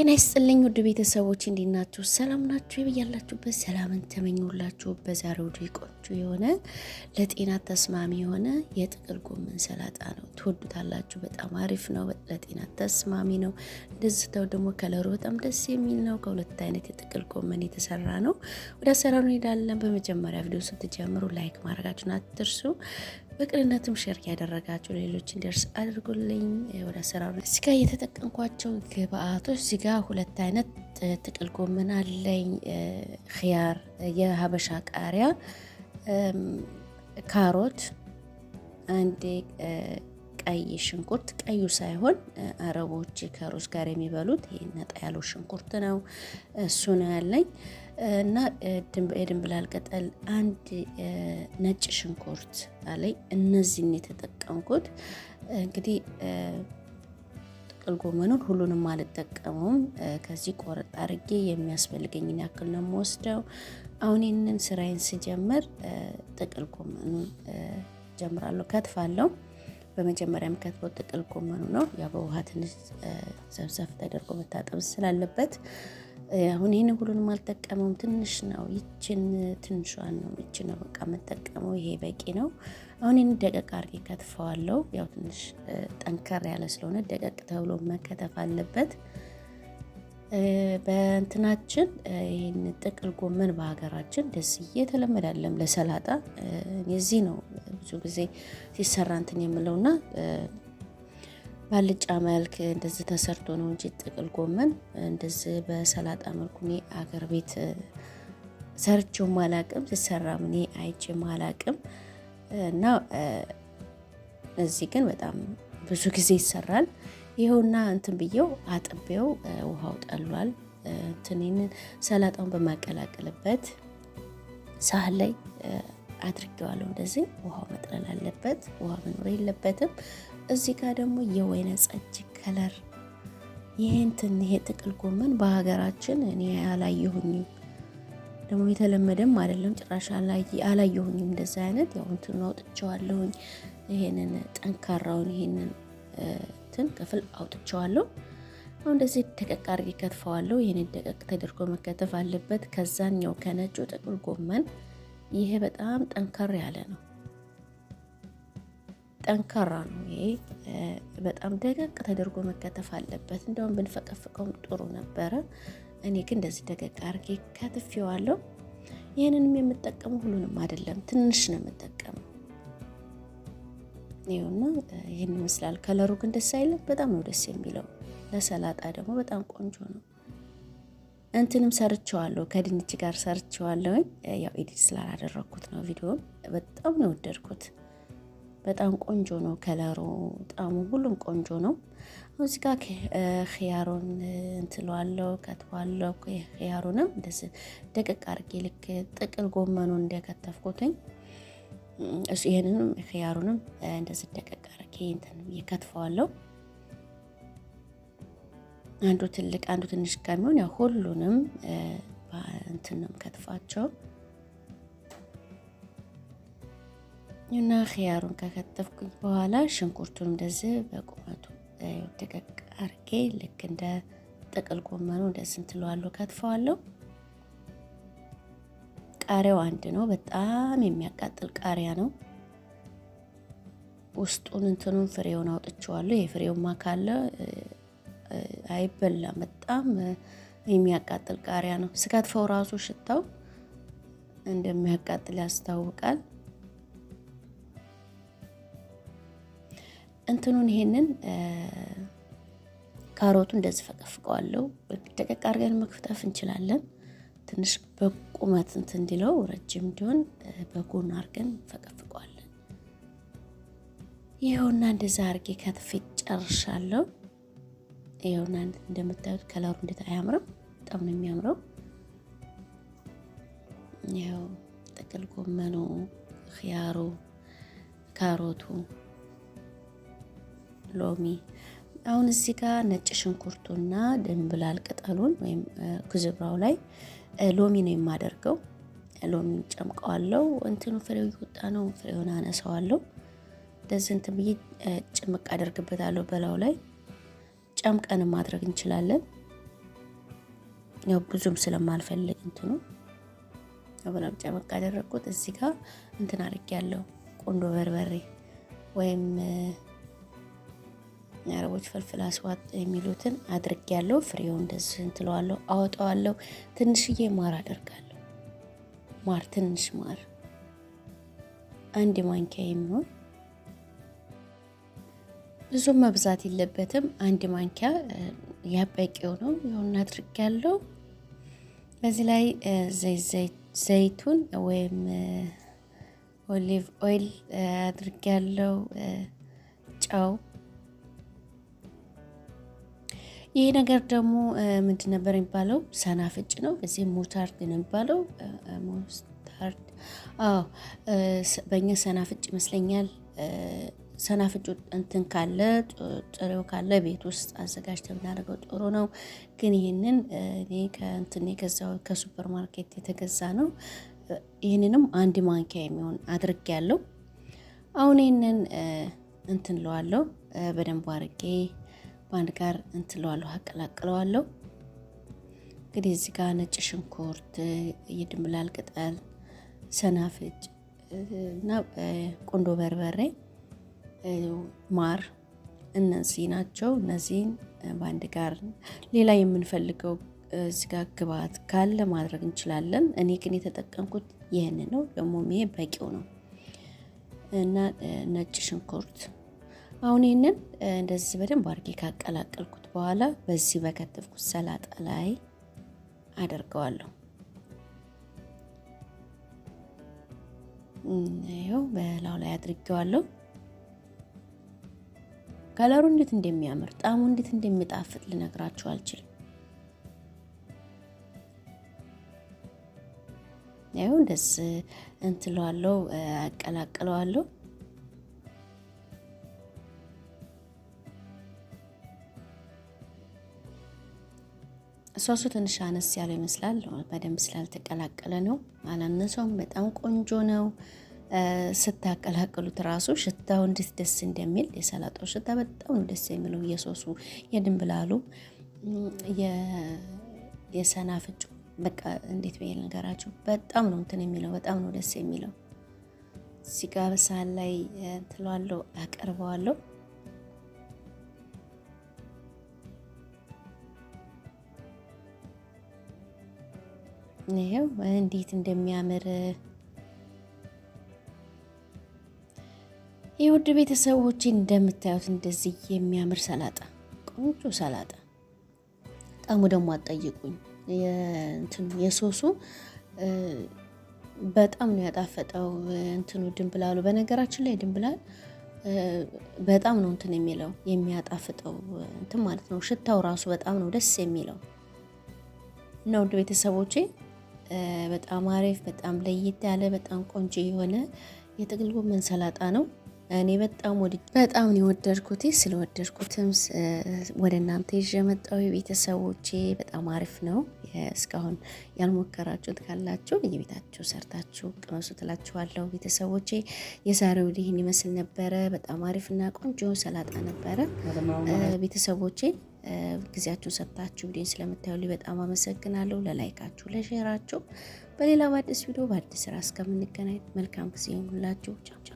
ጤና ይስጥልኝ ውድ ቤተሰቦች እንዴት ናችሁ? ሰላም ናችሁ? የብያላችሁበት ሰላምን ተመኘሁላችሁ። በዛሬው ቆንጆ የሆነ ለጤና ተስማሚ የሆነ የጥቅል ጎመን ሰላጣ ነው። ትወዱታላችሁ። በጣም አሪፍ ነው። ለጤና ተስማሚ ነው። እንደዝተው ደግሞ ከለሩ በጣም ደስ የሚል ነው። ከሁለት አይነት የጥቅል ጎመን የተሰራ ነው። ወደ አሰራሩ እንሄዳለን። በመጀመሪያ ቪዲዮ ስትጀምሩ ላይክ ማድረጋችሁን አትርሱ። በቅንነትም ሸር ያደረጋችሁ ሌሎች እንዲደርስ አድርጉልኝ። ወደ አሰራሩ እዚጋ የተጠቀምኳቸው ግብአቶች እዚጋ ሁለት አይነት ጥቅል ጎመን አለኝ፣ ኪያር፣ የሀበሻ ቃሪያ፣ ካሮት፣ አንዴ ቀይ ሽንኩርት፣ ቀዩ ሳይሆን አረቦች ከሩዝ ጋር የሚበሉት ይህ ነጣ ያለው ሽንኩርት ነው። እሱ ነው ያለኝ። እና የድንብላል ቅጠል፣ አንድ ነጭ ሽንኩርት አለኝ። እነዚህን የተጠቀምኩት እንግዲህ ጥቅል ጎመኑን ሁሉንም አልጠቀሙም። ከዚህ ቆረጥ አድርጌ የሚያስፈልገኝን ያክል ነው የምወስደው። አሁን ይህንን ስራዬን ስጀምር ጥቅል ጎመኑን ጀምራለሁ። ከትፋለሁ። በመጀመሪያም ከትፎ ጥቅል ጎመኑ ነው። ያ በውሃ ትንሽ ተደርጎ መታጠብ ስላለበት አሁን ይህን ሁሉንም አልጠቀመውም። ትንሽ ነው፣ ይችን ትንሿን ነው ይች ነው በቃ የምጠቀመው። ይሄ በቂ ነው። አሁን ይህን ደቀቅ አድርጌ ከትፈዋለው። ያው ትንሽ ጠንከር ያለ ስለሆነ ደቀቅ ተብሎ መከተፍ አለበት። በእንትናችን ይህን ጥቅል ጎመን በሀገራችን ደስ እየተለመደ አለም ለሰላጣ የዚህ ነው ብዙ ጊዜ ሲሰራ እንትን የምለውና ባልጫ መልክ እንደዚህ ተሰርቶ ነው እንጂ ጥቅል ጎመን እንደዚህ በሰላጣ መልኩ እኔ አገር ቤት ሰርቼው አላቅም፣ ሲሰራም እኔ አይቼም አላቅም። እና እዚህ ግን በጣም ብዙ ጊዜ ይሰራል። ይኸውና እንትን ብዬው አጥቤው ውሃው ጠሏል። እንትንን ሰላጣውን በማቀላቀልበት ሳህን ላይ አድርጌዋለሁ። እንደዚህ ውሃው መጥለል አለበት። ውሃ መኖር የለበትም። እዚህ ጋር ደግሞ የወይነ ጠጅ ከለር ይህንትን ይሄ ጥቅል ጎመን በሀገራችን እኔ አላየሁኝም። ደግሞ የተለመደም አይደለም ጭራሽ አላየሁኝም። እንደዚህ አይነት ያው እንትን አውጥቸዋለሁኝ። ይሄንን ጠንካራውን ይሄንን እንትን ክፍል አውጥቸዋለሁ። አሁን እንደዚህ ደቀቅ አድርጌ ከትፈዋለሁ። ይህንን ደቀቅ ተደርጎ መከተፍ አለበት። ከዛኛው ከነጩ ጥቅል ጎመን ይሄ በጣም ጠንከር ያለ ነው። ጠንካራ ነው። ይሄ በጣም ደቀቅ ተደርጎ መከተፍ አለበት። እንደውም ብንፈቀፍቀውም ጥሩ ነበረ። እኔ ግን እንደዚህ ደቀቅ አድርጌ ከትፌዋለሁ። ይህንንም የምጠቀመው ሁሉንም አይደለም፣ ትንሽ ነው የምጠቀመው። ይሁና ይህን ይመስላል። ከለሩ ግን ደስ አይልም፣ በጣም ነው ደስ የሚለው። ለሰላጣ ደግሞ በጣም ቆንጆ ነው። እንትንም ሰርቸዋለሁ፣ ከድንች ጋር ሰርቸዋለሁኝ። ያው ኤዲት ስላላደረግኩት ነው ቪዲዮን። በጣም ነው ወደድኩት። በጣም ቆንጆ ነው። ከለሩ፣ ጣሙ፣ ሁሉም ቆንጆ ነው። እዚህ ጋ ክያሩን እንትለዋለው ከትዋለው። ክያሩንም ደስ ደቅቅ አርጌ ልክ ጥቅል ጎመኑ እንደከተፍኩትኝ እሱ ይህንንም ክያሩንም እንደዚህ ደቅቅ አርጌ እንትን የከትፈዋለው። አንዱ ትልቅ አንዱ ትንሽ ከሚሆን ያው ሁሉንም እንትን ነው የምከትፋቸው። እና ኪያሩን ከከተፍኩኝ በኋላ ሽንኩርቱን እንደዚህ በቁመቱ ደቀቅ አርጌ ልክ እንደ ጥቅል ጎመኑ እንደዚህ እንትለዋለሁ፣ ከትፈዋለሁ። ቃሪያው አንድ ነው። በጣም የሚያቃጥል ቃሪያ ነው። ውስጡን እንትኑን ፍሬውን አውጥቼዋለሁ። የፍሬውማ ካለ አይበላም። በጣም የሚያቃጥል ቃሪያ ነው። ስከትፈው ራሱ ሽታው እንደሚያቃጥል ያስታውቃል። እንትኑን ይሄንን ካሮቱ እንደዚህ ፈቀፍቀዋለሁ። ደቀቅ አድርገን መክፍጠፍ እንችላለን። ትንሽ በቁመት እንትን እንዲለው ረጅም እንዲሆን በጎን አድርገን ፈቀፍቀዋለን። ይኸውና እንደዛ አድርጌ ከትፌ ጨርሻለሁ። ይኸውና እንደምታዩት ከለሩ እንዴት አያምርም? በጣም ነው የሚያምረው። ይኸው ጥቅል ጎመኑ፣ ኪያሩ፣ ካሮቱ ሎሚ። አሁን እዚህ ጋር ነጭ ሽንኩርቱና ድንብላል ቅጠሉን ወይም ክዝብራው ላይ ሎሚ ነው የማደርገው። ሎሚ ጨምቀዋለው። እንትኑ ፍሬው እየወጣ ነው። ፍሬውን አነሳዋለው። እንደዚህ እንትን ብዬ ጭምቅ አደርግበታለሁ በላው ላይ ጨምቀን ማድረግ እንችላለን። ያው ብዙም ስለማልፈልግ እንትኑ በላም ጨምቅ አደረግኩት። እዚህ ጋር እንትን አድርጌያለሁ ቆንዶ በርበሬ ወይም የአረቦች ፍልፍል አስዋጥ የሚሉትን አድርግ ያለው ፍሬው እንደዚህ እንትለዋለሁ፣ አወጣዋለሁ። ትንሽዬ ማር አደርጋለሁ። ማር ትንሽ ማር አንድ ማንኪያ የሚሆን ብዙ መብዛት የለበትም። አንድ ማንኪያ ያበቂው ነው። ይሁን አድርግ ያለው በዚህ ላይ ዘይቱን ወይም ኦሊቭ ኦይል አድርግ ያለው ጨው ይህ ነገር ደግሞ ምንድን ነበር የሚባለው? ሰናፍጭ ነው። በዚህ ሞታርድ ነው የሚባለው። ሞስታርድ አዎ፣ በእኛ ሰናፍጭ ይመስለኛል። ሰናፍጩ እንትን ካለ ጥሬው ካለ ቤት ውስጥ አዘጋጅተህ ብናደርገው ጥሩ ነው። ግን ይህንን እኔ ከእንትን የገዛው ከሱፐር ማርኬት የተገዛ ነው። ይህንንም አንድ ማንኪያ የሚሆን አድርግ ያለው አሁን ይህንን እንትን ለዋለው በደንብ አድርጌ በአንድ ጋር እንትለዋለሁ አቀላቅለዋለሁ። እንግዲህ እዚህ ጋር ነጭ ሽንኩርት፣ የድንብላል ቅጠል፣ ሰናፍጭ እና ቆንዶ በርበሬ፣ ማር እነዚህ ናቸው። እነዚህን በአንድ ጋር ሌላ የምንፈልገው እዚህ ጋር ግብአት ካለ ማድረግ እንችላለን። እኔ ግን የተጠቀምኩት ይህን ነው። ደግሞ ይሄ በቂው ነው እና ነጭ ሽንኩርት አሁን ይህንን እንደዚህ በደንብ አድርጌ ካቀላቀልኩት በኋላ በዚህ በከተፍኩት ሰላጣ ላይ አደርገዋለሁ። ይኸው በላው ላይ አድርጌዋለሁ። ከለሩ እንዴት እንደሚያምር ጣሙ እንዴት እንደሚጣፍጥ ልነግራችሁ አልችልም። ይኸው እንደዚህ እንትለዋለሁ፣ አቀላቅለዋለሁ። ሶሱ ትንሽ አነስ ያለው ይመስላል። በደንብ ስላልተቀላቀለ ነው። አላነሰውም። በጣም ቆንጆ ነው። ስታቀላቅሉት ራሱ ሽታው እንዴት ደስ እንደሚል የሰላጣው ሽታ በጣም ነው ደስ የሚለው። የሶሱ የድንብላሉ የሰናፍጩ በቃ እንዴት ብዬ ልንገራችሁ፣ በጣም ነው እንትን የሚለው በጣም ነው ደስ የሚለው። እዚህ ጋ ላይ ትሏለው አቀርበዋለሁ። ይኸው እንዴት እንደሚያምር የውድ ቤተሰቦች እንደምታዩት እንደዚህ የሚያምር ሰላጣ፣ ቆንጆ ሰላጣ። ጣሙ ደግሞ አትጠይቁኝ። እንትኑ የሶሱ በጣም ነው ያጣፈጠው። እንትኑ ድንብላሉ፣ በነገራችን ላይ ድንብላል በጣም ነው እንትን የሚለው የሚያጣፍጠው እንትን ማለት ነው። ሽታው ራሱ በጣም ነው ደስ የሚለው እና ውድ ቤተሰቦቼ በጣም አሪፍ፣ በጣም ለየት ያለ በጣም ቆንጆ የሆነ የጥቅል ጎመን ሰላጣ ነው። እኔ በጣም በጣም ነው የወደድኩት። ስለወደድኩትም ወደ እናንተ ይዤ መጣሁ። ቤተሰቦቼ በጣም አሪፍ ነው። እስካሁን ያልሞከራችሁት ካላችሁ በየቤታችሁ ሰርታችሁ ቅመሱ ትላችኋለሁ። ቤተሰቦቼ የዛሬው ይህን ይመስል ነበረ። በጣም አሪፍና ቆንጆ ሰላጣ ነበረ። ቤተሰቦቼ ጊዜያችሁን ሰጥታችሁ ዲን ስለምታዩ በጣም አመሰግናለሁ። ለላይካችሁ፣ ለሼራችሁ በሌላ በአዲስ ቪዲዮ በአዲስ ስራ እስከምንገናኝ መልካም ጊዜ ይሁንላችሁ። ቻው ቻው።